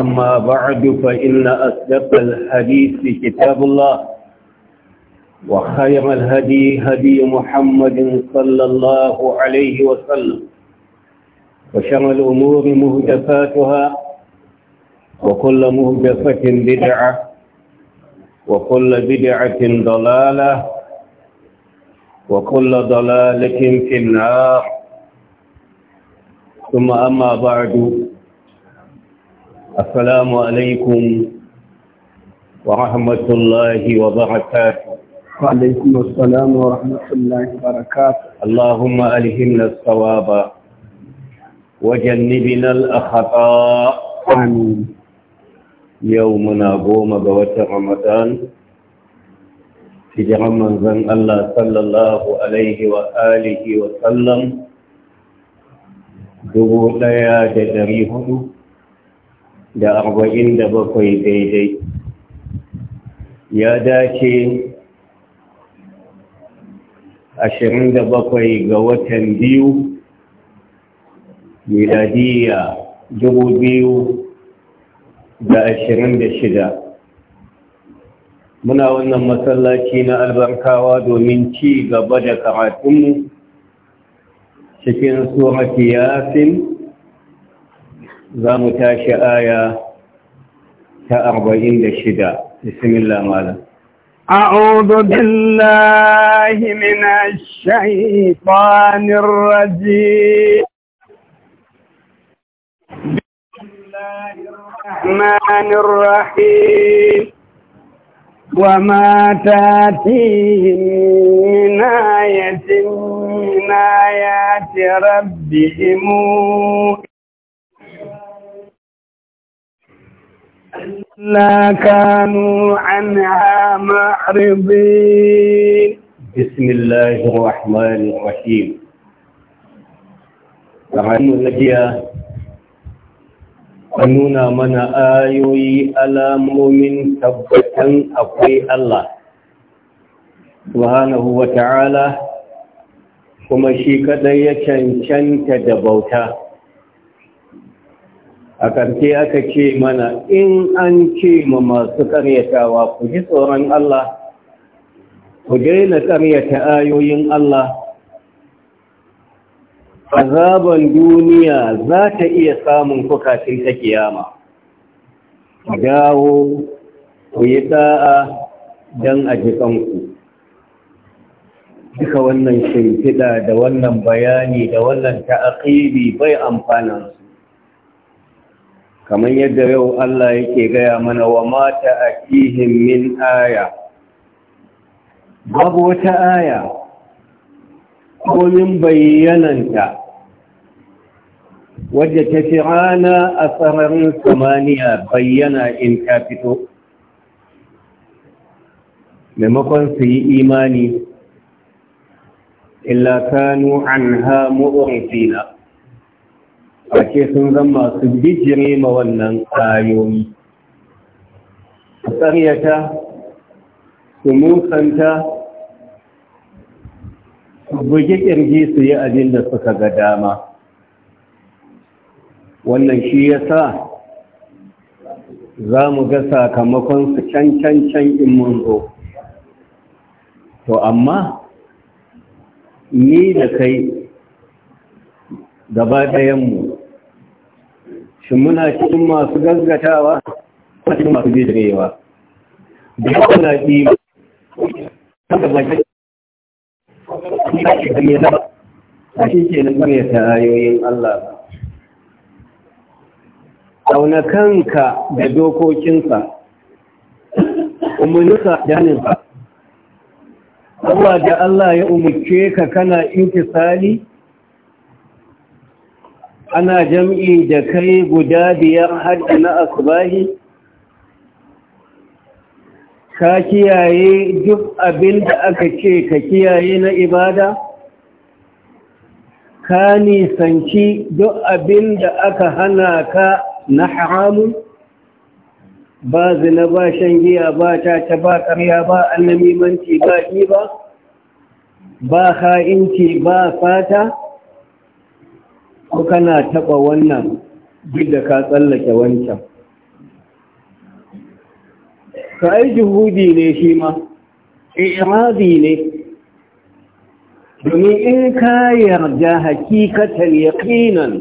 أما بعد فإن أصدق الحديث كتاب الله وخير الهدي هدي محمد صلى الله عليه وسلم وشر الأمور مهدفاتها وكل مهدفة بدعة وكل بدعة ضلالة وكل ضلالة في النار ثم أما بعد السلام عليكم ورحمة الله وبركاته وعليكم السلام ورحمة الله وبركاته اللهم ألهمنا الصواب وجنبنا الأخطاء آمين يومنا قوم بوت رمضان hijiran manzon Allah sallallahu Alaihi wa alihi wa sallam dubu ɗaya da dari hudu da arba'in da bakwai daidai ya dace ashirin da bakwai ga watan biyu miladiya dubu biyu da ashirin da shida muna wannan masallaci na albarkawa domin ci gaba da karatunmu cikin tsohon yasin زامو mu آية تأربعين ta بسم الله مالا أعوذ بالله من الشيطان الرجيم بسم الله الرحمن الرحيم وما تاتيهم من آية من آيات ربهم إلا كانوا عنها معرضين بسم الله الرحمن الرحيم رحمة الله nuna mana ayoyi alamomin tabbatan akwai Allah subhanahu ta'ala kuma shi kadai ya cancanta da bauta a karshe aka ce mana in an ce ma masu ƙaryatawa ku ji tsoron Allah ku daina ƙaryata ayoyin Allah A azaban duniya za ta iya samun kukacin ta kiyama ku dawo ku yi da'a don a ji jikanku duka wannan shimfiɗa da wannan bayani da wannan ta'aƙibi bai amfanansu kamar yadda yau Allah yake gaya mana wa mata a min aya babu wata aya komin bayyananta wadda ta fi rana a sararin samaniya bayyana in ta fito maimakon su yi imani illa kanu an ha mu'urfina ake sun zan masu bijire ma wannan ayoyi su ƙaryata su musanta su bugi ƙirji su yi abin da suka ga dama wannan shi ya sa za mu ga sakamakon su can can can in mun zo to amma ni da kai gaba ɗayanmu shin muna cikin masu gazgatawa a cikin masu bijirewa da ya kuna ɗi haka ba a shi ke nan ne ta ayoyin Allah Auna kanka da dokokinsa umarninsa da hannunsa Allah da Allah ya umarce ka kana intisali ana jam'i da kai guda biyar hadda na asbahi ka kiyaye duk abin da aka ce ka kiyaye na ibada ka nisanci duk abin da aka hana ka na haramun ba zina ba shan giya ba ta ba karya ba annamimanci ba ɗiba ba ha'inci ba fata ko kana taɓa wannan duk da ka tsallake wancan ka ai juhudi ne shi ma iradi ne domin in ka yarda hakikatan yaqinan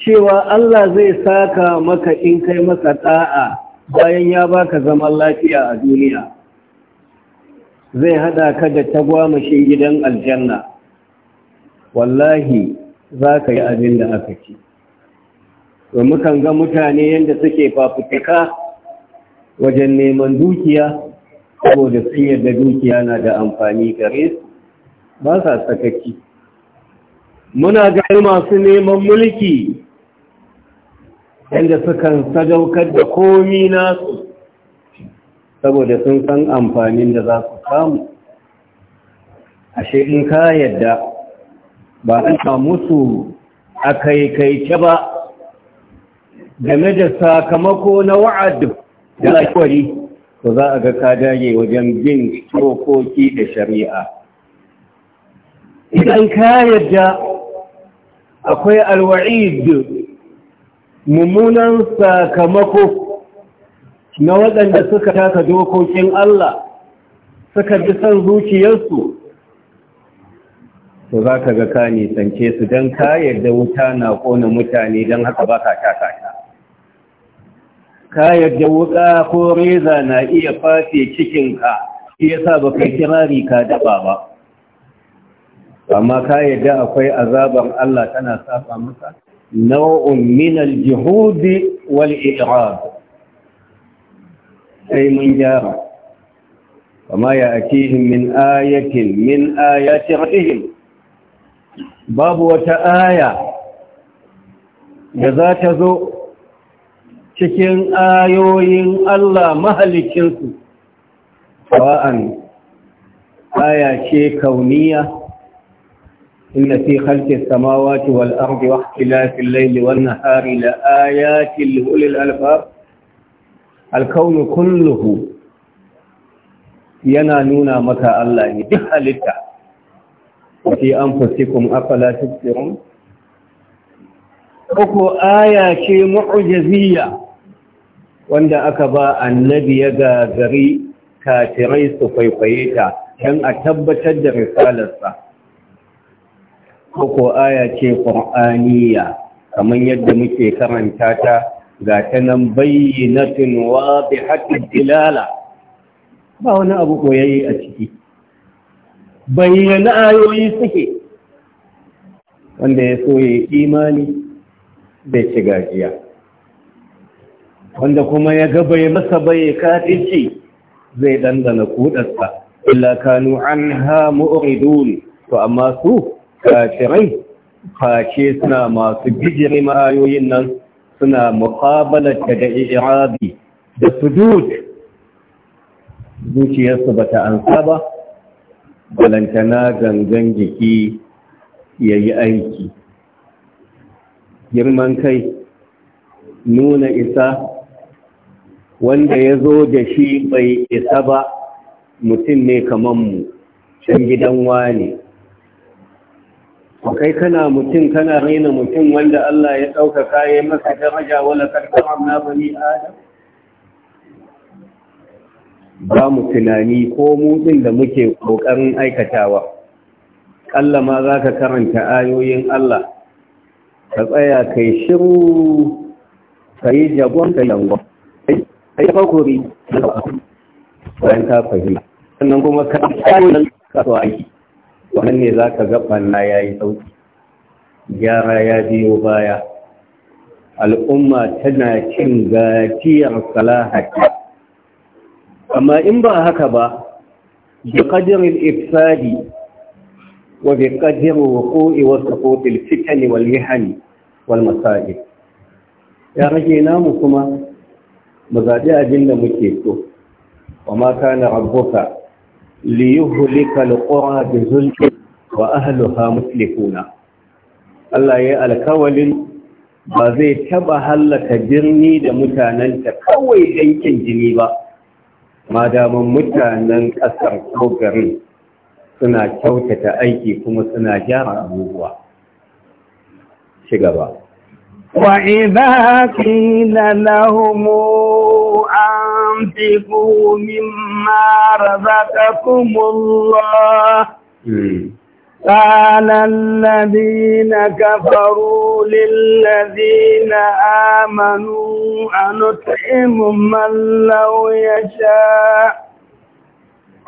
cewa Allah zai saka maka in kai masa sa'a bayan ya baka zaman lafiya a duniya zai hada ka da tagwamashin gidan aljanna wallahi za ka yi abin da aka ci wa mukan ga mutane yadda suke fafutuka wajen neman dukiya saboda sun yadda dukiya na da amfani gare su ba sa sakaki muna gani masu neman mulki yadda sukan sadaukar da komi nasu saboda sun san amfanin da za su samu ashe in ka yadda ba saka musu a kaikaice ba game da sakamako na wa'ad da alkawari to za a ga ka dage wajen bin dokoki da shari'a idan ka yadda akwai alwa'id mummunan sakamako na waɗanda suka taka dokokin Allah suka ji son zuciyarsu to za ka ga ka nisance su don ka yadda wuta na kona mutane don haka ba ka taka ta ka yadda wuka ko reza na iya fafe cikinka shi sa ba kai kirari ka daba ba amma ka yarda akwai azabar Allah tana safa maka nau'un min al wal sai mun gyara وما يأتيهم min آية من آيات ربهم babu wata aya da za ta zo cikin ayoyin Allah mahalicinsu Ba'an aya ce kauniya inna fi khalqis samawati wal ardi wa lafin layli wan nahari la ayatin li ulil albab al kulluhu yana nuna maka Allah ne duk halitta fi anfusikum afala tubsirun uku aya ce mu'jiziyya wanda aka ba annabi ya gagari kafirai su kwaikwaye ta don a tabbatar da risalarsa uku aya ce ƙur'aniya. kamar yadda muke karanta ta ga ta nan bayyinatin wadihatul dilala ba wani abu koyayi a ciki bayyana ayoyi suke wanda ya so ya imani bai ci gajiya wanda kuma ya gaba ya masa bai kaɗici zai dandana kudarsa illa kanu an ha mu'ridun to amma su kafirai Fashe suna masu bijirin ma'ayoyin nan suna muqabalata da irabi da sudud zuciyarsu bata ansa ba balantana gangan jiki ya yi aiki girman kai nuna isa wanda ya zo da shi bai isa ba mutum ne kamar mu can gidan wane kai kana mutum kana raina mutum wanda Allah ya ɗauka kayan masa daraja wala karkar na bani adam ba mu tunani ko mutsin da muke ƙoƙarin aikatawa ƙalla ma za ka karanta ayoyin Allah ka tsaya kai shiru ka yi jagon ka yango ka yi fakuri bayan ka fahimta sannan kuma ka kayan kasuwa aiki wannan ne za ka gaban na ya yi sauki gyara ya biyo baya al'umma tana cin gajiyar salahata amma in ba haka ba bi qadril ifsadi wa bi qadri wuqu'i wa suqutil fitani wal mihan wal masa'ib ya rage namu kuma mu zaɓi abin da muke so wa ma kana rabbuka li yuhlika al qura bi zulmin wa ahliha muslihuna Allah ya alkawalin ba zai taɓa hallaka birni da mutanenta kawai yankin jini ba ma daman mutanen ƙasar ko garin suna kyautata aiki kuma suna gyara abubuwa shi gaba Wa na an fi لهم mara مما رزقكم الله قال الذين كفروا للذين آمنوا أنطعم من لو يشاء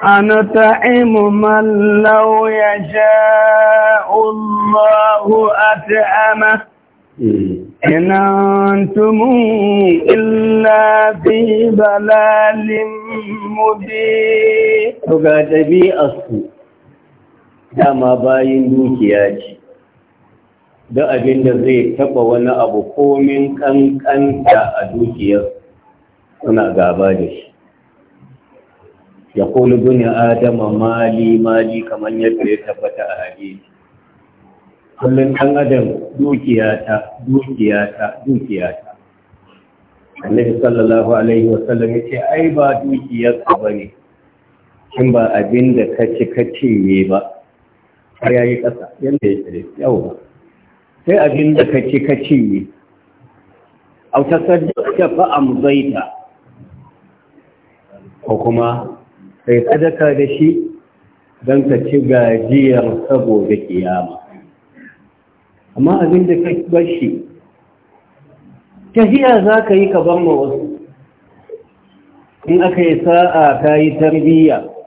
أنطعم من لو يشاء الله أطعمه إن أنتم إلا في ضلال مبين. dama bayin dukiya ce da abin da zai taba wani abu komin kankanta a dukiyar suna gaba da shi ya kulu bin adama mali mali kamar yadda ya tabbata a hadisi kullum ɗan adam dukiyata dukiyata dukiyata annabi sallallahu alaihi wasallam ya ce ai ba dukiyarsa ba ne kin ba abin da ka ci ka ba har ya yi ƙasa yadda ya tsere yawwa sai abin da ka ci ka cinye a ta sadaka fa amzaita ko kuma sai sadaka da shi don ka ci gajiyar saboda kiyama amma abin da ka bar shi tafiya za ka yi ka bar ma wasu in aka yi sa'a ka yi tarbiyya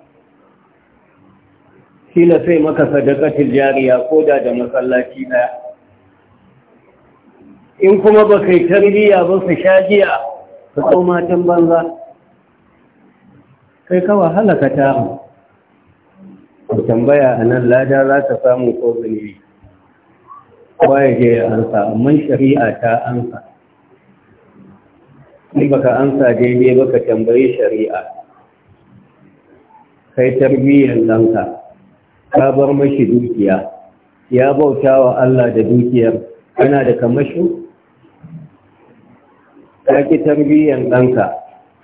shi na sai maka sadakatul jariya ko da da masallaci ɗaya in kuma ba kai tarbiya ba su sha jiya ka kawo matan banza kai ka wahala ka tamu ku tambaya a nan lada za ka samu ko zunubi Ba ya je ya ansa amma shari'a ta ansa in baka ansa daidai baka tambayi shari'a kai tarbiyyar ka. ka bar mashi dukiya ya bauta wa Allah da dukiyar kana da kamashi. ka ki tarbiyyar ɗanka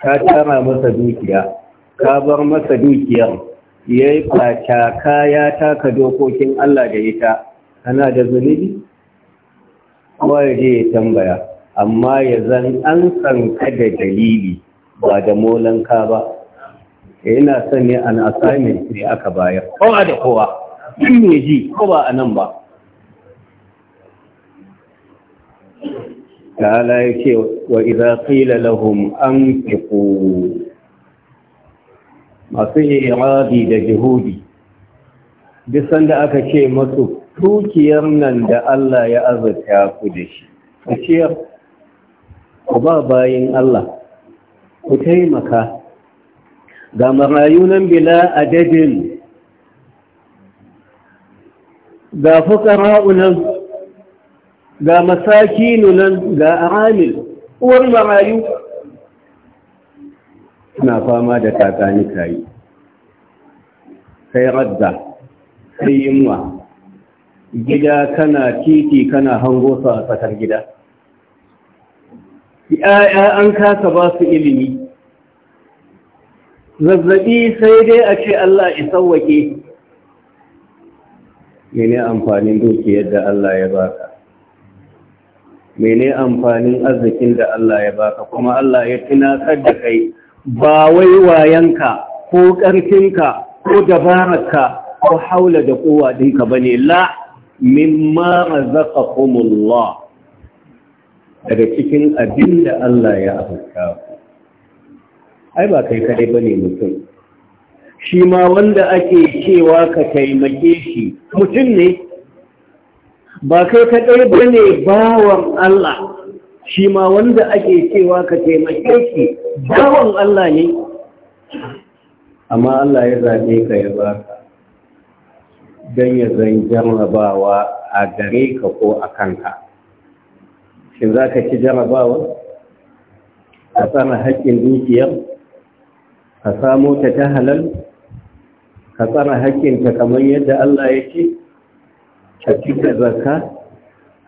ka tara masa dukiya ka bar masa dukiyar ya yi fata ya taka dokokin Allah da ita kana da zunubi kowa ya je ya tambaya amma ya zan an sanka da dalili ba da ka ba yana son ne an assignment ne aka bayar kowa da kowa in ne ji ko ba a nan ba ta'ala ya ce wa idza qila lahum anfiqu masu iradi da jihudi duk sanda aka ce masu tukiyar nan da Allah ya azurta ku da shi ku ciyar ku ba bayin Allah ku taimaka ga marayunan bila adadin ga fukara'unan ga masakinunan ga aramil uwar marayu na fama da kakani kayi kai radda kai yinwa gida kana titi kana hango sa a tsakar gida ya'ya an kasa ba su ilimi zazzabi sai dai a ce Allah isawwake mene amfanin dukiyar da Allah ya baka mene amfanin arzikin da Allah ya baka kuma Allah ya tunatar da kai ba wai wayanka ko ƙarfinka ko dabararka ko haula da kowa dinka bane la mimma razaqakumullah daga cikin abin da Allah ya azurta ai ba kai kadai bane mutum shi ma wanda ake cewa ka taimake shi mutum ne ba kai kadai bane bawan Allah shi ma wanda ake cewa ka taimake shi bawan Allah ne amma Allah ya zaɓe ka ya ka, don ya zan jarrabawa a gare ka ko a kanka shin za ka ci jarrabawa a tsara haƙƙin dukiyar ka samu ta ta halal ka tsara haƙƙinta kamar yadda Allah ya ce ka cika zarka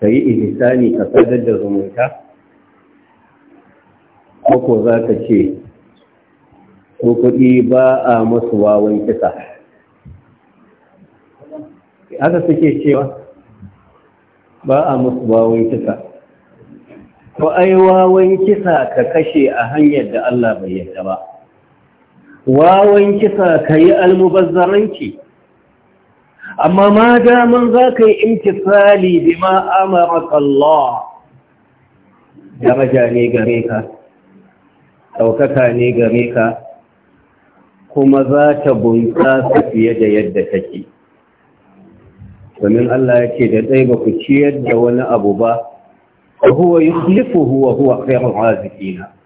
ka yi ihsani ka sadar da zumunta ko za ka ce ko kuɗi ba a masu wawan kisa aka suke cewa ba a masu wawan kisa ko ai wawan kisa ka kashe a hanyar da Allah bai ba wawan kisa ka yi almubazzaranci amma ma daman za ka yi tsali bi ma'amaraka Allah daraja ne gare ka ɗaukaka ne gare ka kuma za ta bunta su fiye da yadda take domin Allah ya ce da ɗai ba ku ciyar da wani abu ba huwa yi huwa huwa khairul zikina.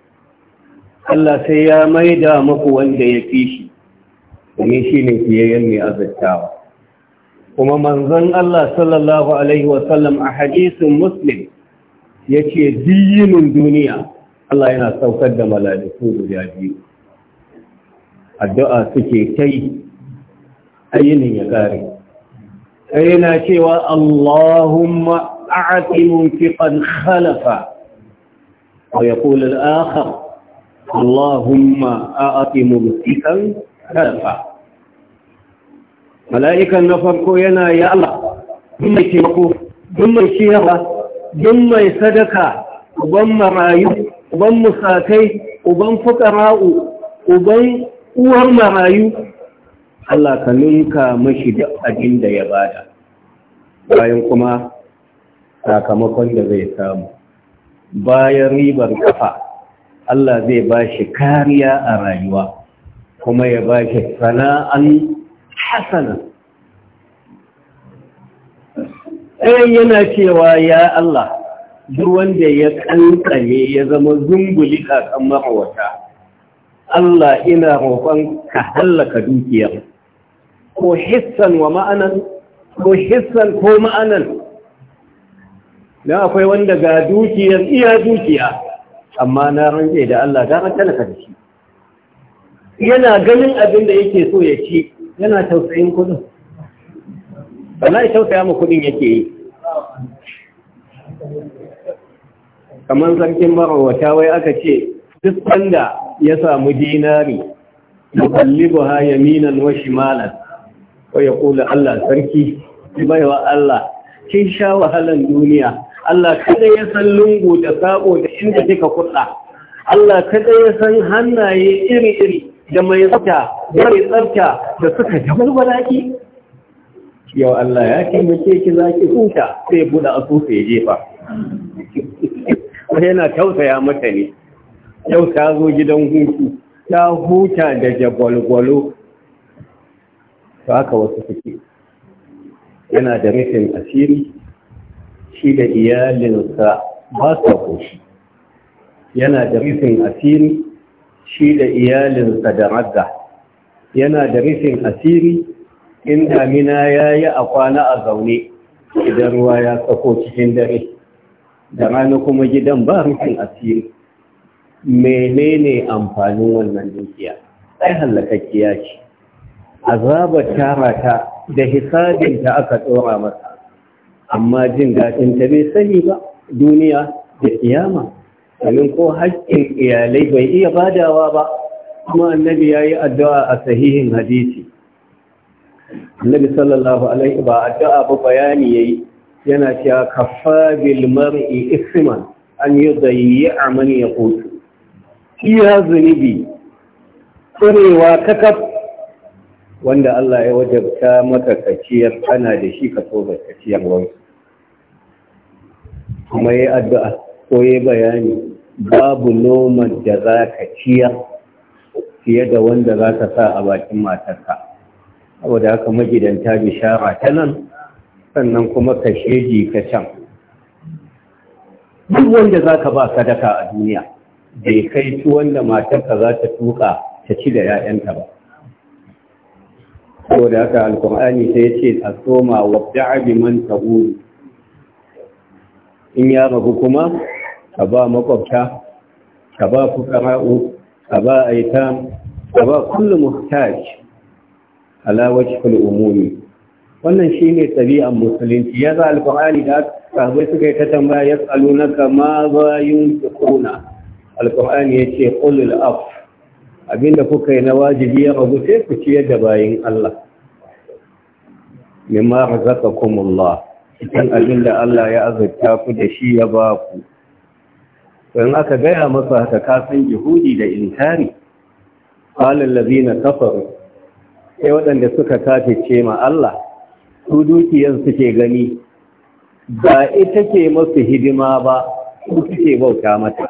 Allah sai ya maida muku wanda ya fi shi domin shi ne fiyayyen mai azurtawa kuma manzon Allah sallallahu alaihi wasallam a hadisin muslim ya ce diyinin duniya Allah yana saukar da mala'iku guda biyu addu'a suke kai ayyinin ya kare yana cewa Allahumma a'ati munfiqan khalafa wa ya al-akhar Allahumma a'ati mumsikan kalfa mala'ikan na farko yana ya Allah mai taimako dun mai shiyarwa dun mai sadaka uban marayu uban musakai uban fukara'u uban uwar marayu Allah ka ninka mashi duk abin da ya bada bayan kuma sakamakon da zai samu bayan ribar kafa Allah zai ba shi kariya a rayuwa kuma ya ba shi sana'an hasana ɗayan yana cewa ya Allah duk wanda ya ƙanƙane ya zama zunguli kakan ma'awata Allah ina roƙon ka hallaka dukiyar ko hissan wa ma'anan ko hissan ko ma'anan don akwai wanda ga dukiyar iya dukiya amma na rantse da Allah da talaka da shi yana ganin abin da yake so ya ci yana tausayin kudin wallahi tausaya ma kudin yake yi kamar sarkin marawata wai aka ce duk wanda ya samu dinari ha yaminan wa shimalan wa kula Allah sarki wa Allah kin sha wahalan duniya Allah kada ya san lungu da sabo da inda kika kuɗa Allah kada ya san hannaye iri-iri da mai tsafta da mai tsafta da suka jabalbala ki yau Allah ya ce taimake ki zaki huta sai buɗe asusu ya jefa wani yana tausaya mata ne yau ta zo gidan hutu ta huta da jagwalgwalo To haka wasu suke yana da rufin asiri shi da iyalinsa ba sa koshi yana da rufin asiri shi da iyalinsa da ragga yana da rufin asiri in damina ya yi a kwana a zaune idan ruwa ya tsako cikin dare da rana kuma gidan ba rufin asiri menene amfanin wannan dukiya sai hallakakkiya ce azabar tara ta da hisabinta aka tsora masa amma jin daɗin ta bai sani ba duniya da kiyama domin ko haƙƙin iyalai bai iya badawa ba kuma annabi ya yi addu'a a sahihin hadisi annabi sallallahu alaihi ba addu'a ba bayani yayi yana cewa kaffa bil mar'i isman an yudayyi'a man yaqutu iya zunubi tsurewa kakaf wanda Allah ya wajabta maka kaciyar ana da shi ka so ga kaciyar wani kuma yi addu'a ko yi bayani babu noman da za ka ciya fiye da wanda za ka sa a bakin matarka saboda haka magidanta bishara ta nan sannan kuma ka sheji ka can duk wanda za ka ba sadaka a duniya bai kai ci wanda matarka za ta tuka ta ci da 'ya'yanta ba saboda haka alkur'ani sai ce a soma wa da'abi man ta'uru in ya ragu kuma ka ba makwabta ka ba fukara'u ka ba aita ka ba kullum muhtaj Alawaci wajhul umumi wannan shine tabi'an musulunci ya za alqur'ani da sahabbai suka yi ta tambaya yasalunaka ma za yunfiquna ya yace qulul af abinda kuka yi na wajibi ya rabu sai ku ciyar da bayin Allah mimma razaqakumullah cikin abin da Allah ya azurta ku da shi ya ba ku Wani aka gaya masa haka kasan jihudi da inkari qala allazina kafaru sai waɗanda suka kafe ce ma Allah su dukiyar suke gani ba ita ke masu hidima ba su suke bauta mata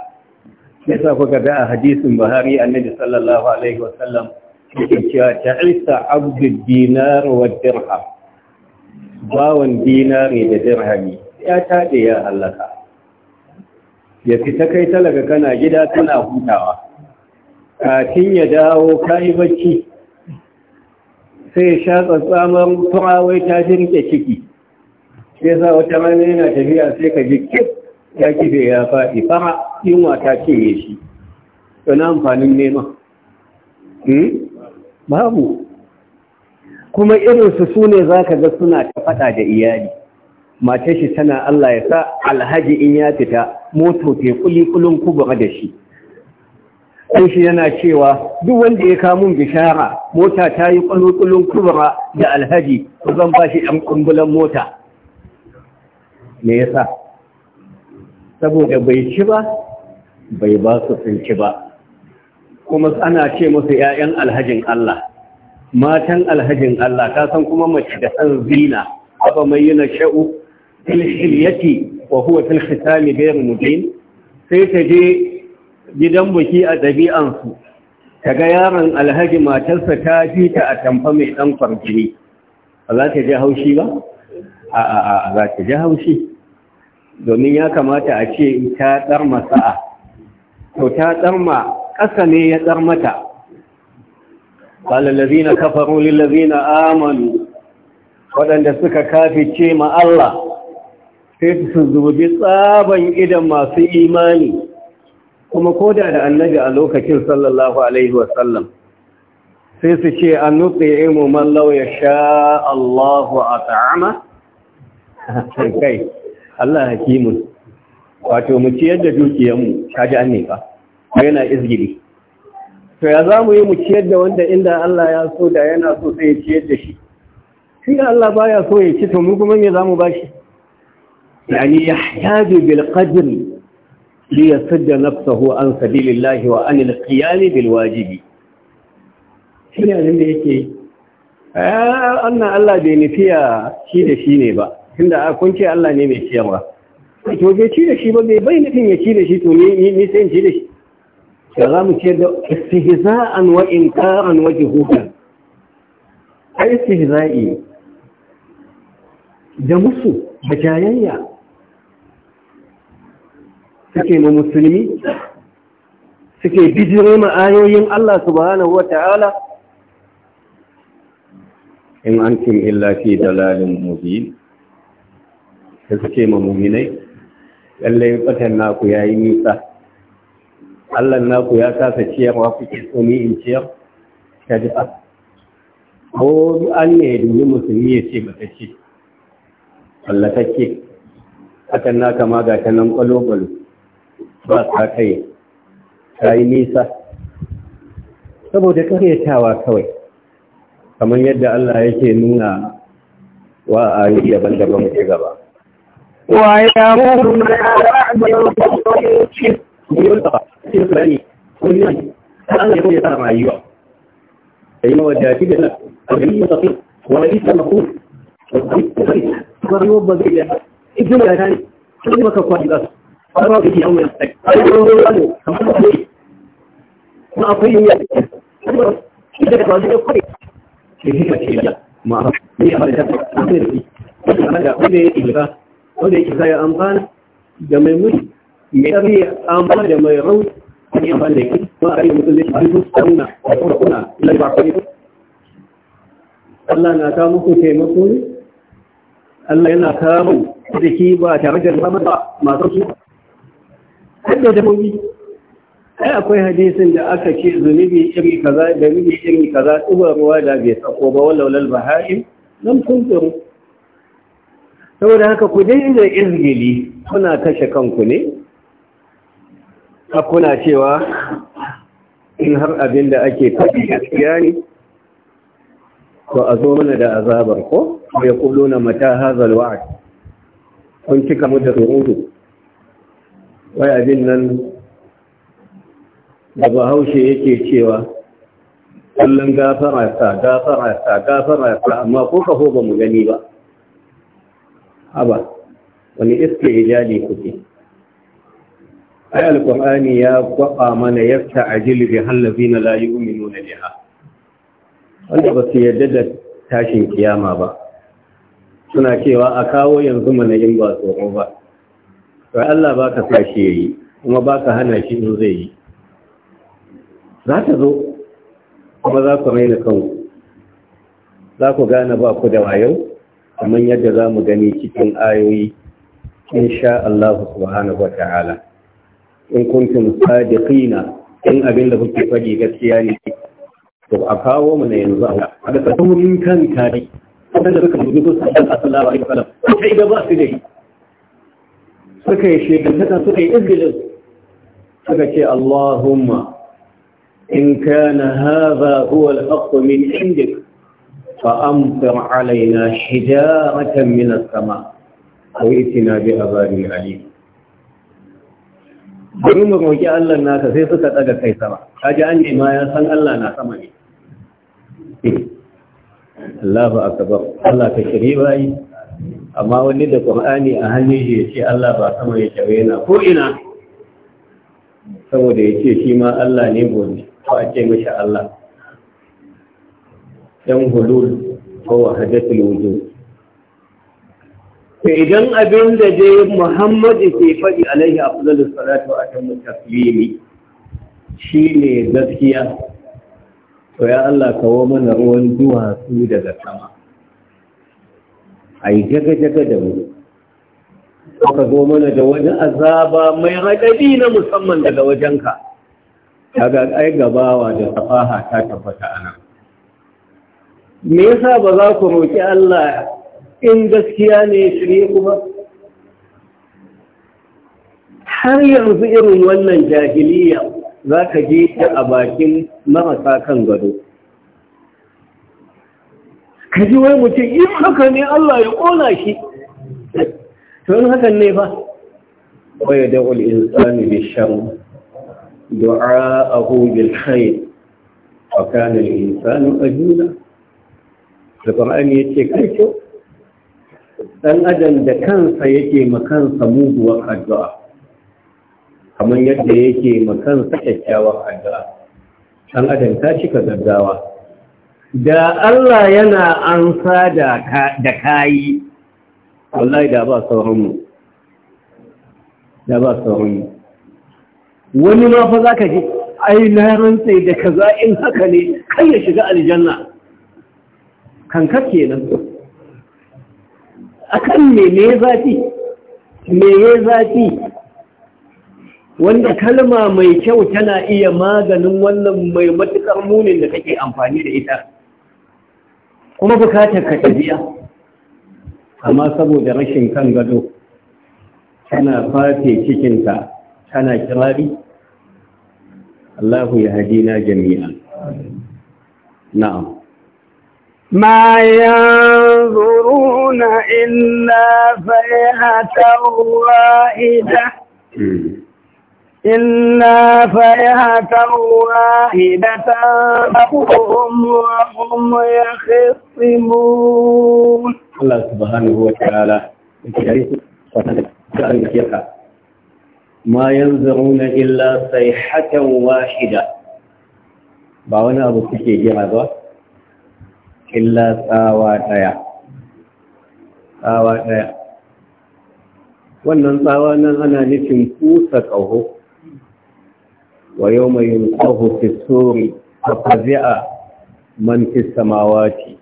yasa kuka ga a hadisin Buhari annabi sallallahu alaihi wasallam yake cewa ta'isa abdud dinar wa dirham bawan dinare da dirhami ya taɗe ya hallaka ya fita kai talaga kana gida tana hutawa kafin ya dawo kayi bacci sai ya sha tsatsamar turawai ta shirke ciki sai sa wata rana yana tafiya sai ka ji kif ya kife ya faɗi fara yunwa ta cinye shi na amfanin nema hmm? babu kuma irinsu su ne za ka ga suna ta faɗa da iyali Mace shi tana Allah ya sa alhaji in ya fita moto ke kulikulun kubura da shi ɗan shi yana cewa duk wanda ya kamun bishara mota ta yi kulikulun kubura da alhaji ko zan ba shi ɗan kumbulan mota me yasa saboda bai ci ba bai ba su sun ci ba kuma ana ce musu 'ya'yan alhajin Allah matan alhajin Allah ta san kuma mace da san zina aba mai yana sha'u fil hilyati wa huwa fil khitami ghayr mubin sai ta je gidan buki a dabi'an su kaga yaron alhaji matarsa ta ji ta a tamfa mai dan farjini ba za ta ji haushi ba a a a za ta ji haushi domin ya kamata a ce ta dar sa'a to ta tsarma ƙasa ne ya mata قال الذين كفروا للذين آمنوا waɗanda suka kafice ma Allah sai su zubi tsaban idan masu imani kuma koda da annabi a lokacin sallallahu alaihi wasallam sai su ce an nutse imu mallau ya sha Allahu a ta'ama kai Allah hakimun wato mu ciyar da dukiyanmu kaji an ne ba yana izgili to ya za mu yi mu ciyar da wanda inda Allah ya so da yana so sai ya ciyar da shi shi Allah baya so ya ci to mu kuma me za mu bashi yani yahtaju bil qadr li yasadda nafsahu an sabilillahi wa an al bil wajibi shi ne abin da yake annan ah, Allah bai nufiya shi da shi ne ba tunda kun ce Allah ne mai ciyarwa to bai ci da shi ba bai bai nufin ya ci da shi to ni ni sai in ci da shi da za mu ce da istihza'an wa inkaran wa juhudan ai istihza'i da musu da jayayya suke ma musulmi suke bijire ma ayoyin Allah subhanahu wata'ala in antum illa fi dalalin mubin da suke ma muminai lallai fatan naku yayi nisa Allah naku ya kasa ciyarwa kuke so ni in ciyar ta ji ko an ne ya dubi musulmi ya ce mata ce ta ce. aka na kama ga ta nan ba ta kai ta yi nisa saboda karyatawa kawai kamar yadda Allah yake nuna wa a yi daban-daban gaba wa ya ruru na ce da fulani ko yi nan ta Allah ya kuma ya rayuwa da yi mawadaci da alhari ya tafi wani ta mako rayuwa ba zai da idan ya tani sun yi maka kwaji za su ƙarfa da ke yawon ya a yi wani wani kamar da ne kuma akwai yin ba shi daga kawai ya kwaye shi ne ka ce ya ma'a ne ya fara da ta da shi wanda ya ƙirga wanda ya ƙirga ya amfana da mai mulki mai ya amfana da mai rauni kun yi fara da yake kuma a rayuwar mutum zai shi su kuna da kuma kuna ilai ba kwanye Allah na kawo muku taimako ne Allah yana kawo jiki ba tare da zama ba masu su hadda da mummi ai akwai hadisin da aka ce zunubi irin kaza da miji irin kaza tuba ruwa da bai sako ba walau lal nan lam tsoro. saboda haka ku dai da izgili kuna kashe kanku ne kuna cewa in har abin da ake faɗi gaskiya ne to a zo mana da azabar ko ya kulo na mata hazal wa'ad kun cika mu da tsoro wai abin nan da bahaushe yake cewa kullum gafara sa gafara sa gafara sa amma ko ho ba mu gani ba haba wani iske ya ijali kuke ai alqur'ani ya kwaba mana yarta ajil bi hallazina la yu'minuna biha wanda ba su yarda da tashin kiyama ba suna cewa a kawo yanzu mana in ba tsoro ba to Allah baka sashi yayi kuma baka hana shi in zai yi za ta zo kuma za ku raina kanku za ku gane ba ku da wayo kamar yadda za mu gani cikin ayoyi insha Allah subhanahu wa ta'ala in kuntum sadiqina in abin da kuke faɗi gaskiya ne to a kawo mu na yanzu a da tsohon kanka ne wanda suka mutu ko su san asalawa a kalam ta ida ba su dai suka yi ta suka yi izgilin suka ce Allahumma in kana hadha huwa al-haqq min indik فأمطر علينا حجارة من السماء وإتنا بعذاب أليم bari ba roƙi Allah naka sai suka daga kai sama ji an nema ya san Allah na sama ne Allahu akbar Allah ka shiri yi. amma wani da Qur'ani a hannun shi ya ce Allah ba sama ya shawe yana ko ina saboda ya ce shi ma Allah ne gobe ko a ce mashi Allah yan hulul ko wahadatul wujud idan abin da dai Muhammadu ke faɗi alaihi afdalus salatu a kan atammu shi ne gaskiya to ya Allah kawo mana ruwan duwatsu daga sama yi jaga jaga da mu ka zo mana da wani azaba mai raɗaɗi na musamman daga wajenka daga ai gabawa da safaha ta tabbata nan. me yasa ba za ku roki Allah in gaskiya ne shirye kuma har yanzu irin wannan jahiliya za ka je ta a bakin marasa kan gado ka ji wai mutum in haka ne Allah ya ƙona shi to in hakan ne ba. wa ya da'ul insani bi sharr du'a'ahu bil khair wa kana al insanu ajula da Qur'ani yace kai kyau ɗan adam da kansa yake makansa muguwar addu'a kamar yadda yake makansa kyakkyawar addu'a ɗan adam ta cika gaggawa da Allah yana ansa da kayi wallahi da ba sauranmu da ba sauranmu wani ma fa za ka ji ai na rantsai da kaza in haka ne kan ya shiga aljanna kanka kenan akan me me zafi me zafi wanda kalma mai kyau tana iya maganin wannan mai matukar munin da kake amfani da ita kuma bukatar ka tafiya amma saboda rashin kan gado tana fafe cikinta tana kirari Allahu ya hadina jami'a na'am ما ينظرون إلا فيهة واحدة إلا فيهة واحدة فهم وهم يخصمون الله سبحانه وتعالى ما ينظرون إلا صيحة واحدة ba wani abu kuke jira ba illa tsawa ɗaya tsawa ɗaya wannan tsawa nan ana nufin kusa ƙaho wa yau mai yin ƙaho fisori a fazi'a man fi samawati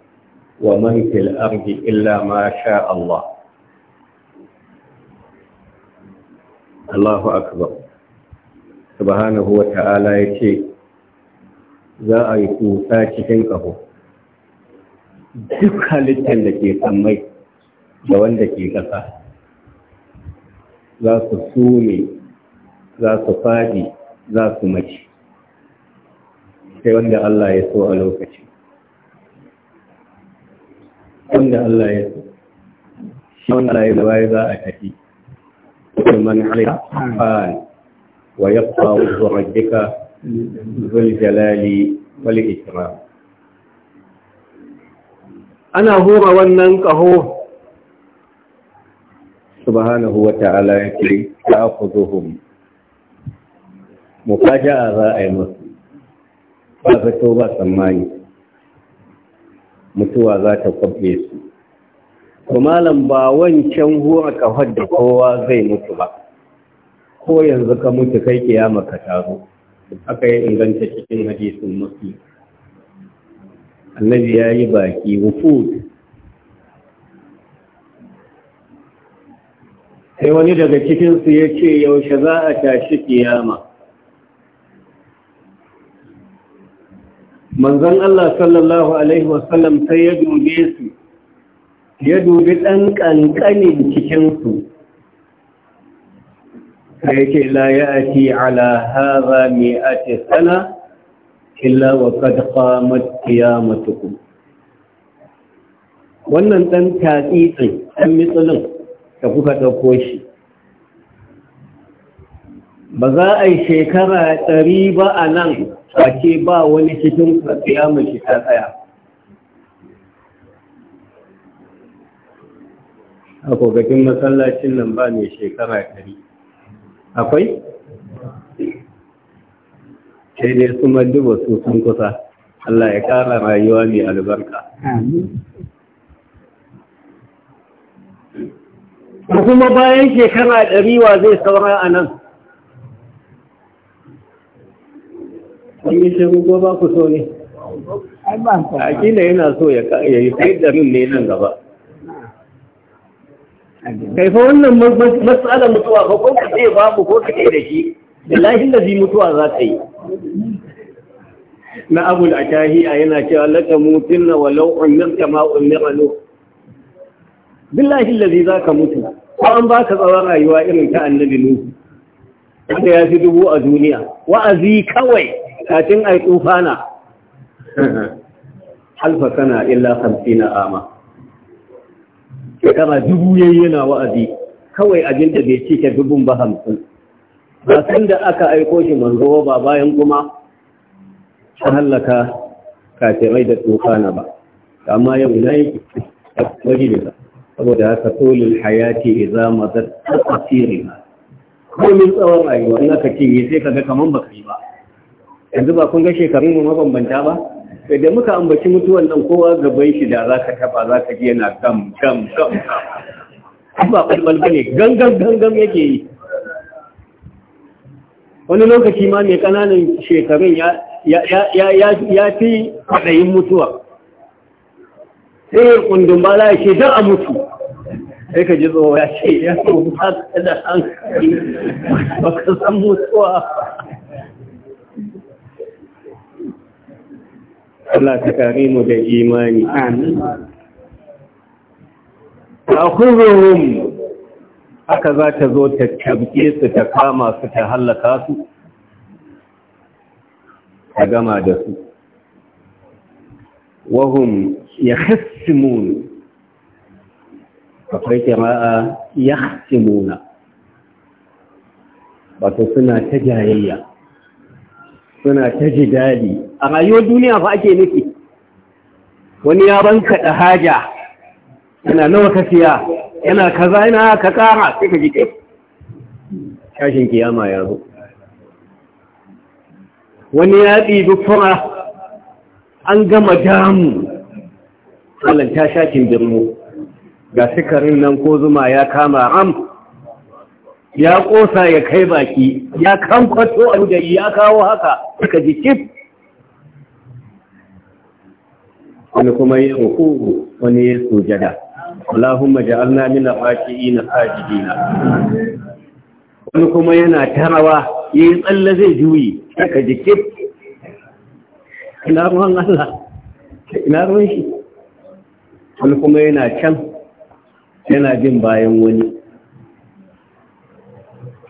wa man fil ardi illa ma sha Allah Allahu akbar subhanahu wa ta'ala yace za a yi kusa cikin ƙaho duk halittar da ke sammai da wanda ke ƙasa za su sume za su faɗi za su mace sai wanda Allah ya so a lokaci wanda Allah ya so shi wanda Allah ya zaba za a tafi man halika fa'an wa yabqa wajhu rabbika dhul jalali wal ikram ana hura wannan ƙaho subhanahu wa ta'ala ya ku ta akuzuhum a za a yi masu ba zato ba tsammani mutuwa za ta kwaɓe su malam ba wancan hura ƙahon da kowa zai mutu ba ko yanzu ka mutu kai kiyama ka taro aka yi inganta cikin hadisin musulun annabi ya yi baki wufud sai wani daga cikinsu ya ce yaushe za a tashi kiyama manzon Allah sallallahu Alaihi wasallam sai ya dube su ya dubi ɗan ƙanƙanin cikinsu sai ya ce la ya ati ala haza mai ake sana illa wa kad qamat qiyamatukum wannan dan tatsitsin dan mitsulin da kuka dauko shi ba za a yi shekara ɗari ba a nan ake ba wani cikin kiyamar shi ta tsaya a kogakin masallacin nan ba mai shekara ɗari akwai sai dai su duba su sun kusa Allah ya kara rayuwa mai albarka da kuma bayan shekara ɗari wa zai saura a nan an yi ko ba ku so ne a kila yana so ya yi kai ɗarin ne nan gaba kaifa wannan matsalar mutuwa ba ko ka ce babu ko ka da shi da lahin da zai mutuwa za ta yi na abu da atahiya yana cewa laka na walau umirta ma umira lo billahi allazi zaka mutu ko an baka tsawon rayuwa irin ta annabi nuhu wanda ya fi dubu a duniya wa'azi kawai kafin ai tufana halfa kana illa 50 ama shekara dubu yayi yana wa'azi kawai abinda bai cike dubun ba hamsin ba san da aka aiko shi manzo ba bayan kuma an hallaka kafirai da tsokana ba amma yau na yi majalisa saboda haka tolin hayati ya zama da mazat tasirina komin tsawon rayuwa na aka cinye sai ka ga kaman ba ka yi ba yanzu ba kun ga shekarun mu mabambanta ba sai da muka ambaci mutuwan nan kowa gaban shi da za ka taba za ka ji yana gam gam gam ba balbal bane gangan gangan yake yi wani lokaci ma mai ƙananan shekarun ya fi kwaɗayin mutuwa sai yin ƙundun ba za a ce don a mutu sai ka ji tsoho ya ce ya ba ka da hankali ba ka san mutuwa Allah ta kare mu da imani amin. haka za ta zo ta kyamke su ta kama su ta hallaka su ta gama da su wahum ya hassimun akwai jama'a ya hassimuna wato suna ta jayayya suna ta ji daɗi. a rayuwar duniya fa ake nufi wani ya banka da haja yana nawa ka siya yana kaza zaina ka kara sai ka ji kai kiyama ya zo wani ya ɗibi fura an gama damu tsallan ta shakin birnu ga sikarin nan ko zuma ya kama ram ya ƙosa ya kai baki ya kankwato a wujayi ya kawo haka suka ji kif wani kuma ya hukuku wani ya sujada Allahumma ja'alna min al-raki'in sajidin wani kuma yana tarawa yayin tsalle zai juyi ka jike ina ruwan Allah ina ruwan shi wani kuma yana can yana jin bayan wani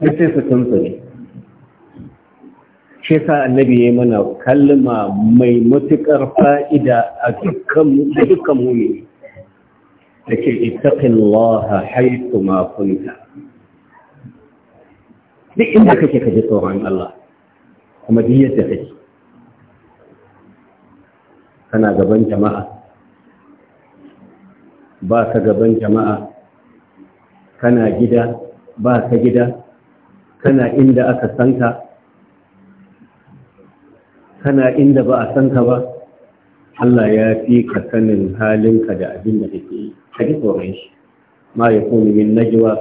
sai su ne. shi sa annabi ya mana kalma mai matuƙar fa'ida a dukkan muni da ke ittaqillaha haythu ma kunta duk inda kake ka ji tsoron Allah kuma duk yadda kake kana gaban jama'a ba ka gaban jama'a kana gida ba ka gida kana inda aka sanka kana inda ba a sanka ba Allah ya fi ka sanin halinka da abin da kake yi ka ji tsoron shi ma ya kuni min najwa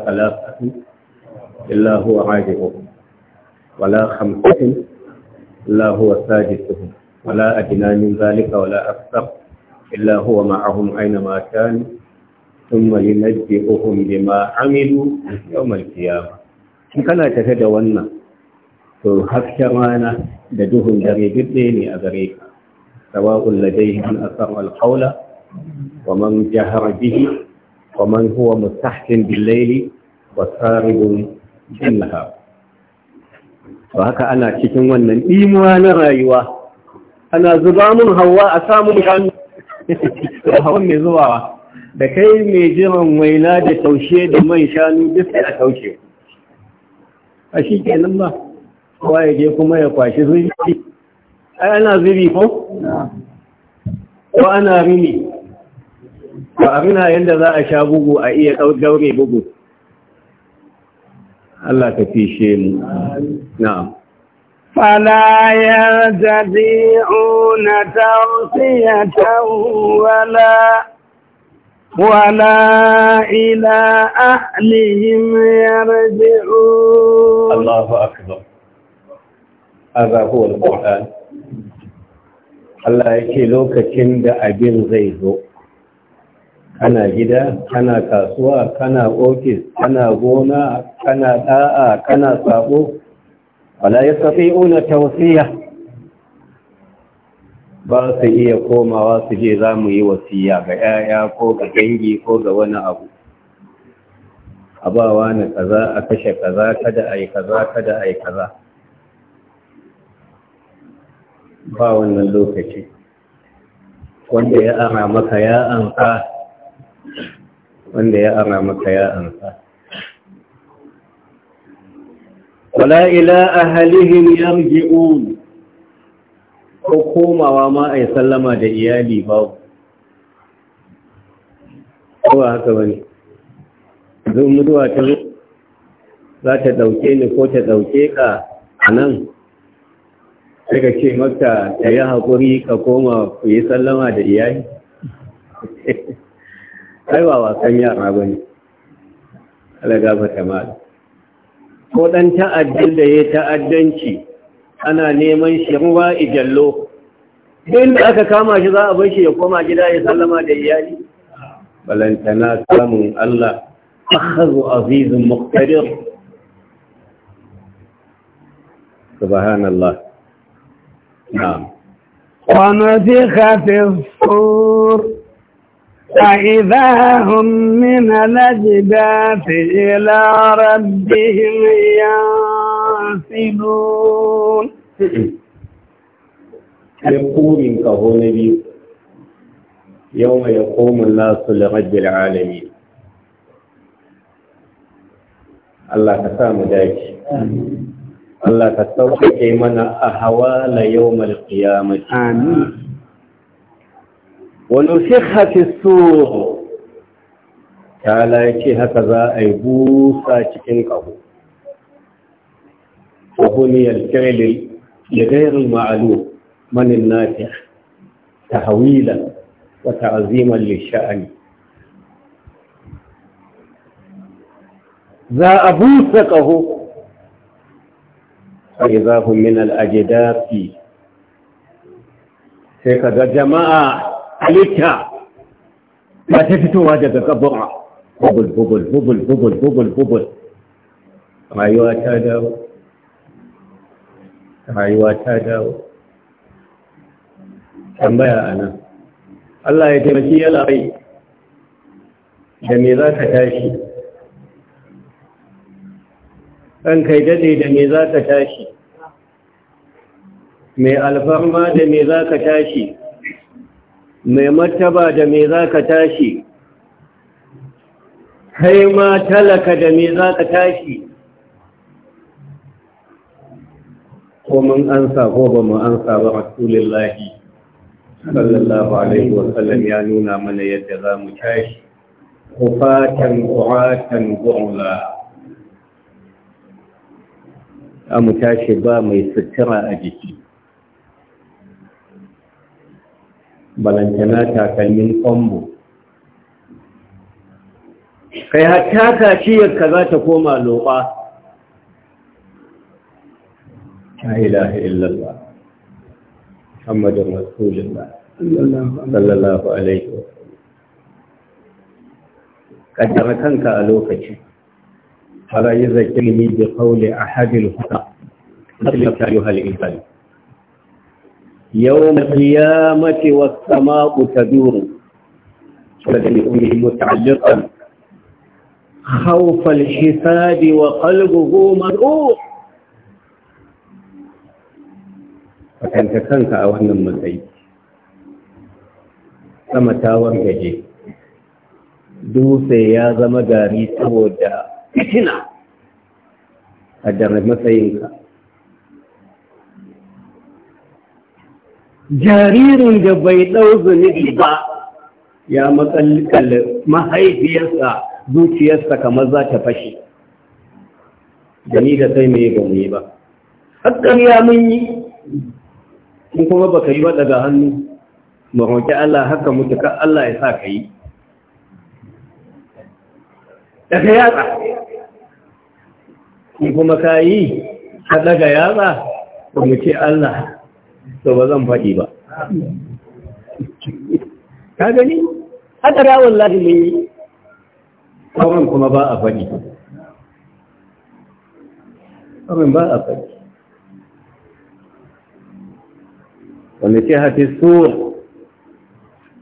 إلا هو معهم أينما ثم بما عملوا يوم القيامة da wannan to rana da duhun dare duk ne a sawa'un asar ومن جهر به ومن هو مستحسن بالليل وسارب بالنهار وهكا أنا cikin wannan imuwa na rayuwa ana zuba mun hawa a samun kan hawan mai zubawa da kai mai jiran waina da taushe da man shanu duk sai a taushe a shi kenan ba kowa ya je kuma ya kwashi zuri ai ana zuri ko ko ana rini ba a muna yadda za a sha bugu a iya gaure bugu Allah ka fi shi mu na falayar jadi'u na tausiya tawala wala ila ahlihim yarji'u Allahu akbar aza huwa al-qur'an Allah yake lokacin da abin zai zo kana gida kana kasuwa kana ofis kana gona kana da'a kana sabo wala yastati'una tawsiya ba su iya komawa su je za mu yi wasiya ga 'ya'ya ko ga dangi ko ga wani abu a na kaza a kashe kaza kada a yi kaza kada a yi kaza ba wannan lokaci wanda ya ara maka ya an wanda ya ara maka ya ansa wala ila ahalihim yarji'un ko komawa ma ai sallama da iyali ba ko haka bane zan mutuwa ta za ta dauke ni ko ta dauke ka anan daga ce maka ta yi hakuri ka koma ku yi sallama da iyali kai ba wasan yara ba ne alaga ba ta mali ko ɗan ta'addin da ya ta'addanci ana neman shi ruwa ijallo ɗin da aka kama shi za a bar shi ya koma gida ya sallama da iyali balantana samun Allah akhazu azizun muktadir subhanallah na'am wa nafikha fi sur فإذا هم من الأجداف إلى ربهم ينسلون يقوم إنك هو نبي يوم يقوم الناس لرب العالمين الله كسام ذلك الله كسوك كيمنا أهوال يوم القيامة آمين wani shekhafi so Ta ya ce haka za a yi busa cikin ƙaho wahuniyar kyalil da gairin ma'alu manin nafi ta hawilan wata azimar lishani za a busa ƙaho sai za min al'ajidafi sai ka ga jama'a halitta ba ta fitowa daga kabura bubul bubul bubul bubul bubul bubul rayuwa ta dawo rayuwa ta dawo tambaya a nan Allah ya taimaki ya da me za ka tashi ɗan kai daɗe da me za ka tashi mai alfarma da me za ka tashi mai martaba da me za ka tashi kai ma talaka da me za ka tashi ko mun ansa ko ba mu ansa ba lahi sallallahu alaihi wasallam ya nuna mana yadda za mu tashi kufatan ku'atan gu'ula za mu tashi ba mai sutura a jiki balantana takalmin kwambo kai hatta kaciyarka za ta koma loɓa ta ilaha illallah Muhammadun Rasulullah sallallahu alaihi wa kaddara kanka a lokaci fara yi zakirmi bi qawli ahadil huda مثل يحال الإنسان يوم القيامة والسماء تدور متعلقا خوف الحساب وقلبه مدعوح fakanta kanka a wannan matsayi sama ta wargaje dutse ya zama gari saboda fitina a dare matsayinka jaririn da bai ɗau zunubi ba ya makalli mahaifiyarsa zuciyarsa kamar za ta fashe da ni da sai mai ba ba Haƙƙar ya mun yi in kuma ba ka yi ba daga hannu ba roƙi Allah haka mutu Allah ya sa ka yi daga yatsa in kuma ka yi ka daga yatsa ba mu ce Allah to ba zan faɗi ba ka gani haka da wallahi mun yi kawai kuma ba a faɗi kawai ba a faɗi Wani ce hati sur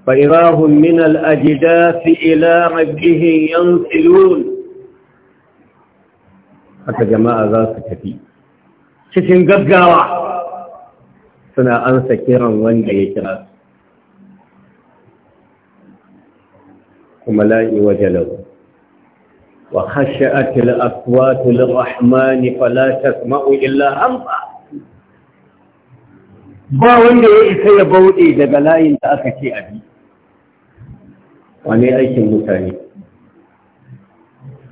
fa'irahun min al'ajida fi ila rabbihin yan silun haka jama'a za su tafi cikin gaggawa suna ansa kiran wanda ya kira su kuma la'i waje lau wa khashi'atil aswatu lirrahmani fala tasma'u illa hamsa ba wanda ya isa ya bauɗe daga layin da aka ce a bi wane aikin mutane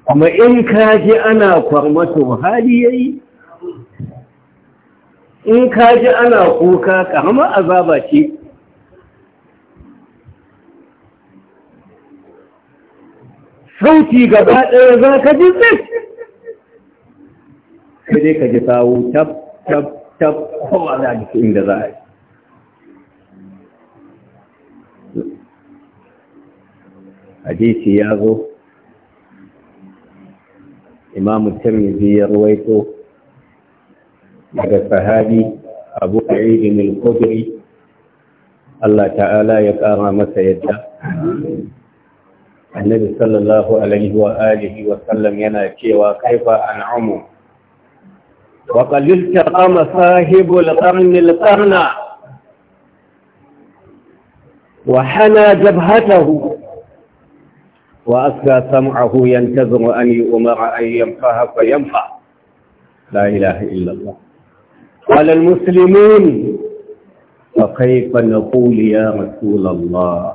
kuma in ka ji ana kwarmato hali yayi in ka ji ana kuka ƙarama azaba ce sauti gaba ɗaya za ka ji zai ka je ka ji sawu tab tab tab kowa za a ji inda za a yi hadisi ya zo imamu tirmidhi ya ruwaito daga sahabi abu ayyidin al Allah ta'ala ya ƙara masa yadda annabi sallallahu alaihi wa alihi wa sallam yana cewa kaifa an an'amu wa qalilta qama sahibul qarn al-qarna wa hana jabhatahu وأسكى سمعه ينتظر أن يؤمر أن ينفه فينفع لا إله إلا الله قال المسلمون فكيف نقول يا رسول الله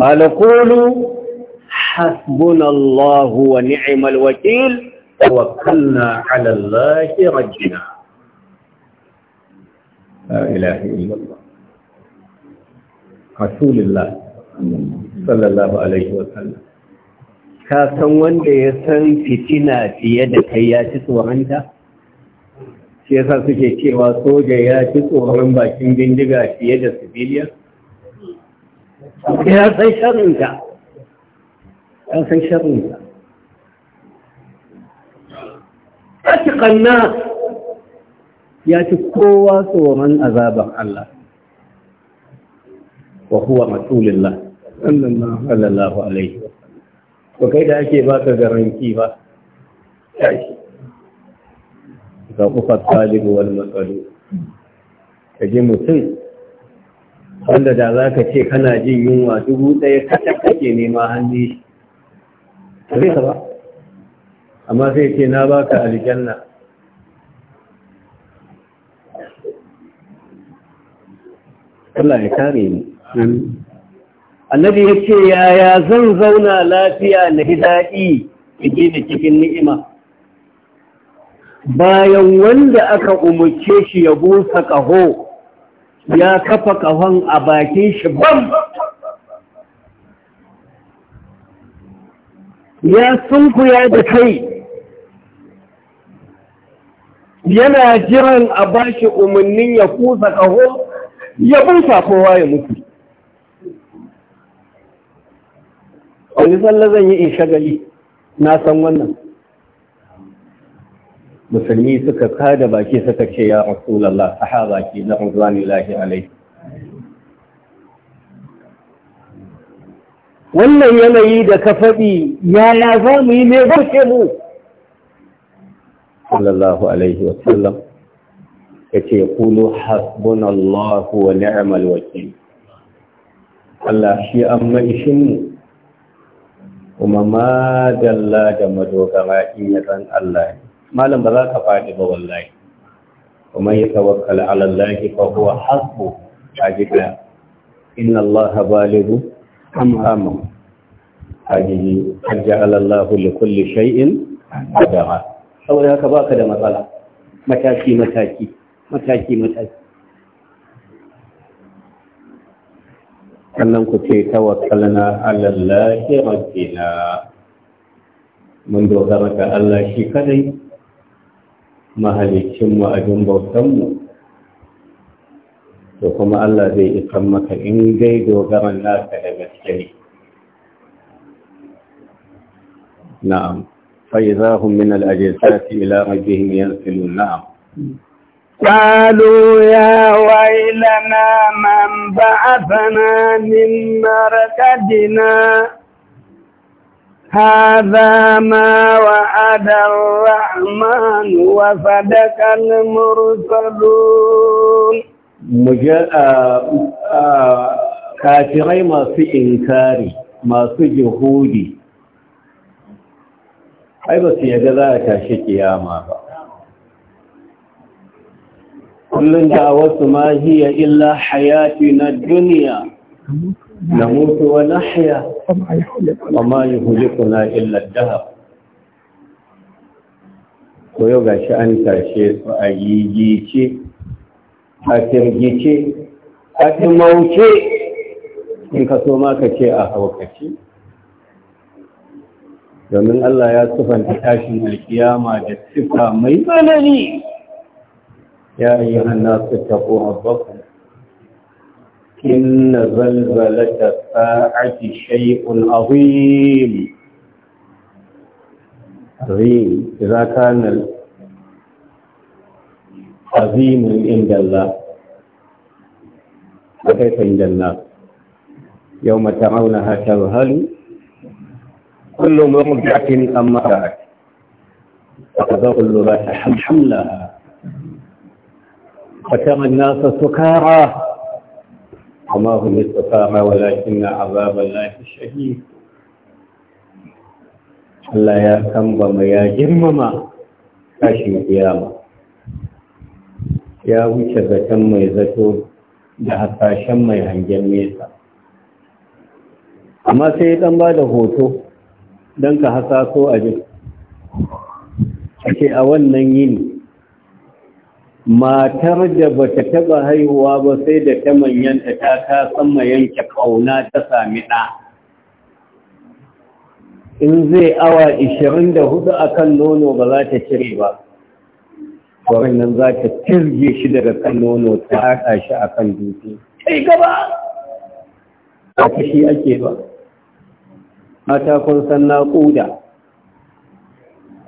قال قولوا حسبنا الله ونعم الوكيل توكلنا على الله ربنا لا إله إلا الله رسول الله صلى الله عليه وسلم ka san wanda ya san fitina fiye da kai ya ci tsoronta? shi yasa suke cewa soja ya ci tsoron bakin bindiga fiye da sibiliya ya san sharinta ya san sharinta atiqan kanna ya ci kowa tsoron azabar Allah wa huwa matulillah sallallahu alaihi wa sallam ko kai da ake baka garanti ba tashi ga ƙufar talibu wani matsalu ka ji mutum wanda da za ka ce kana jin yunwa dubu ɗaya kacce kake nema hannu shi zai ba amma sai ce na baka aljanna Allah ya kare ni annabi ya ce yaya zan zauna lafiya na hidaɗi in cikin ni'ima bayan wanda aka umarce shi ya busa ƙaho ya kafa ƙahon a bakin shi bam ya sunkuya da kai yana jiran a bashi umarnin ya kusa ƙaho ya busa kowa ya mutu wani tsalla zan yi in shagali na san wannan musulmi suka kada baki suka ce ya rasulallah sahaba ki na rizwanillahi alaihi wannan yanayi da ka faɗi yaya za mu yi ne barke mu sallallahu alaihi wasallam ya ce kulu hasbunallahu wa ni'mal wakil Allah shi an ma'ishinmu kuma ma dalla da madogara in yi ran Allah ne malam ba za ka faɗi ba wallahi kuma ya tawakkala ala Allah fa huwa hasbu ajika inna Allah balighu amramu ajiji ajjala Alallahu li kulli shay'in qadara saboda haka baka da matsala mataki mataki mataki mataki sannan ku ce tawakkalna ala Allah rabbina mun dogara ga Allah shi kadai mahalicinmu abin bautanmu to kuma Allah zai ikan maka in dai dogaran naka da gaske ne na'am fai za hun min al'ajinsa ta fi ilama jihin yansu na'am قالوا يا ويلنا من بعثنا من مرقدنا هذا ما وعد الرحمن وصدق المرسلون kafirai masu inkari masu jihudi ai ba su yaga za a tashi kiyama ba kullum da wasu mahiya hiya illa hayati na duniya na mutu wa nahya Amma yi وما illar daha الدهر koyo ga shi an tashe su a yiyice a firgici, a timauce in ka so maka ce a haukace domin Allah ya sufanta tashin alkiyama da sifa mai tsanani ya yi hannasu su taɓo rabbakum إن زلزلة الساعة شيء عظيم عظيم إذا كان عظيم عند الله وكيف عند الناس يوم ترونها تذهل كل مرجعة أما رأت كل ذات حملها فترى الناس سكارى وما هو الاستقامة ولكن عذاب الله الشديد Allah ya kambama ya girmama kashin kiyama ya wuce zaton mai zato da hasashen mai hangen nesa amma sai ya ɗan ba da hoto don ka hasaso a jiki ake a wannan yini matar da ba ta taɓa haihuwa ba sai da ta manyanta ta ta sama yanke ƙauna ta sami ɗa in zai awa 24 a kan nono ba za ta cire ba kwarin nan za ta tirge shi daga kan nono ta haka shi a kan dutse kai gaba a kashi ake ba mata kun san naƙuda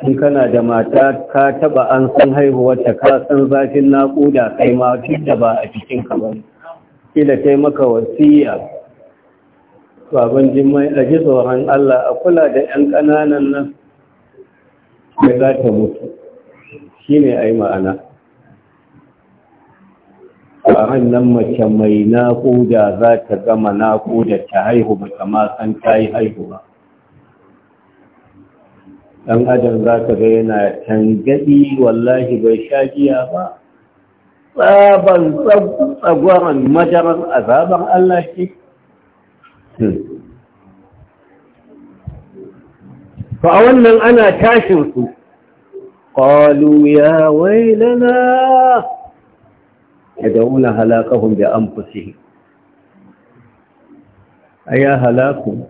in kana da mata ka taba an san haihuwarta ka san zafin naƙuda kai ma da ba a cikin ka ba kila kai maka wasiya baban jimai a ji tsoron Allah a kula da 'yan ƙananan nan da za ta mutu shi ne a yi ma'ana A hannun mace mai naƙuda za ta gama naƙuda ta haihu ba ta ma san ta yi haihu ba ɗan adam za ka ga yana tangaɗi wallahi bai sha giya ba tsaban tsagwaron madarar azabar Allah ce fa hmm. a wannan ana tashin su qalu ya wailana. waylana yad'una halakahum bi anfusihim aya halaku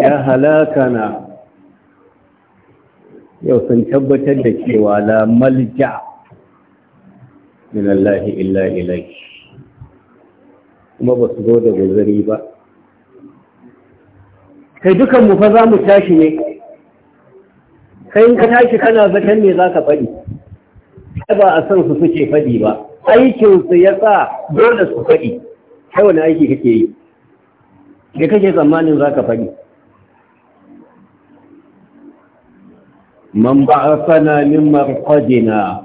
ya na. yau sun tabbatar da cewa la malja min Allah illa ilai kuma ba su zo da guzuri ba kai dukan mu fa za mu tashi ne kai in ka tashi kana zaton me za ka faɗi ba a san su suke faɗi ba aikinsu ya sa dole su faɗi kai wani aiki kake yi da kake tsammanin za ka faɗi man ba'afana min marqadina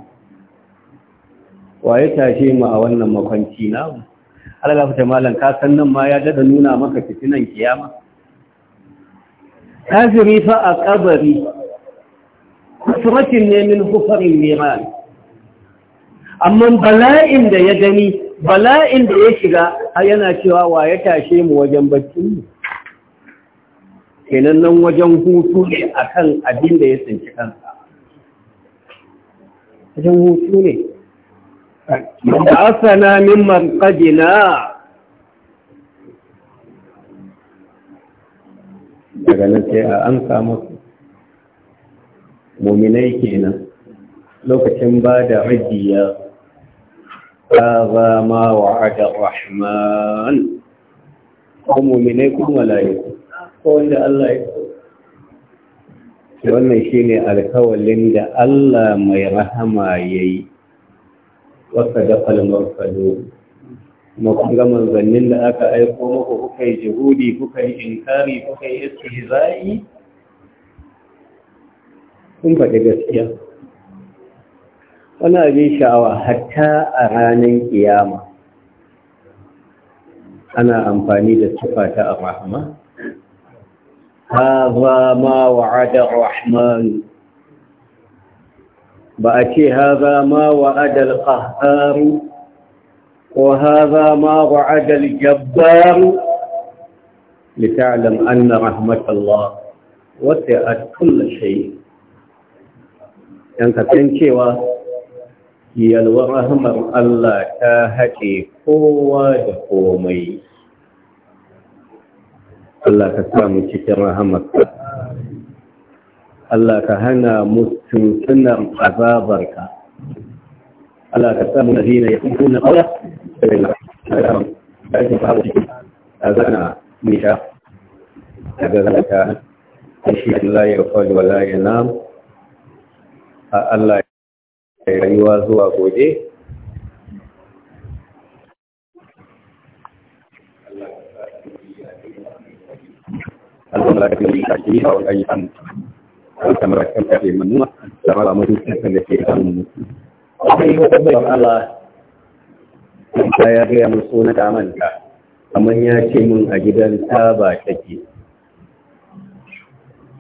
waye tashe mu a wannan makwanci namu Allah fita malam ka san nan ma ya dada nuna maka fitinan kiyama kafiri fa a kabari kusratin ne min hufarin miran amma bala'in da ya gani bala'in da ya shiga yana cewa waye tashe mu wajen baccin mu kenan nan wajen hutu ne a kan abin da ya tsinci kansa wajen hutu ne da asana min marqadina daga nan sai a amsa musu muminai kenan lokacin ba da rajiya هذا ما وعد الرحمن Ko منكم kuma يكون ko wanda Allah ya kawo wannan shine alkawalin da Allah mai rahama yayi waka da kalmar kado kuma kun ga manzannin da aka aiko muku kuka yi jihudi kuka yi inkari kuka yi istihza'i kun faɗi gaskiya wani abin sha'awa hatta a ranar kiyama ana amfani da sifa ta rahama haza ma wa'ada rahman ba a ce haza ma wa'ada al-qahhar ko haza ma لتعلم أن رحمة الله وسعت كل شيء cewa yalwar rahamar Allah ta haƙe kowa da komai Allah ka sa mu cikin rahamarka Allah ka hana mu tuntunar azabarka Allah ka sa mu da zina ya fi kuna ƙwaya da ya ƙarfi ba wa cikin azana nisha daga zalaka a shi Allah ya kwallo wala ya nam a Allah ya rayuwa zuwa gobe الملائكة من تأتيها أو أي amanta الملائكة ya ce min a gidan taba take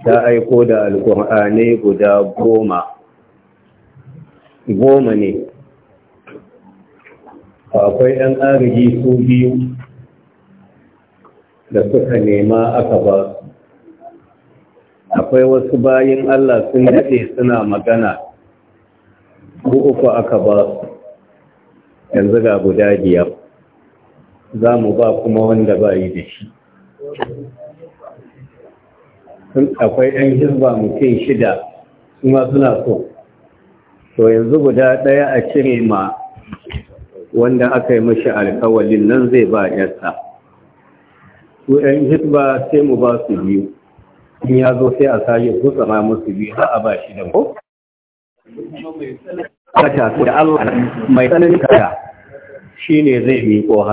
ta aiko da alkur'anai guda goma goma ne akwai ɗan agaji su biyu da suka nema aka ba akwai wasu bayin Allah sun daɗe suna magana ko uku aka ba yanzu ga guda biyar za mu ba kuma wanda ba yi da shi akwai ɗan hizba mutum shida kuma suna so to yanzu guda ɗaya a cire ma wanda aka yi mashi alkawalin nan zai ba yarsa su ɗan hizba sai mu ba su biyu in ya zo sai a sake gutsama musu biyu har a ba shi da ko da Allah mai tsanani kata shine zai miƙo hannu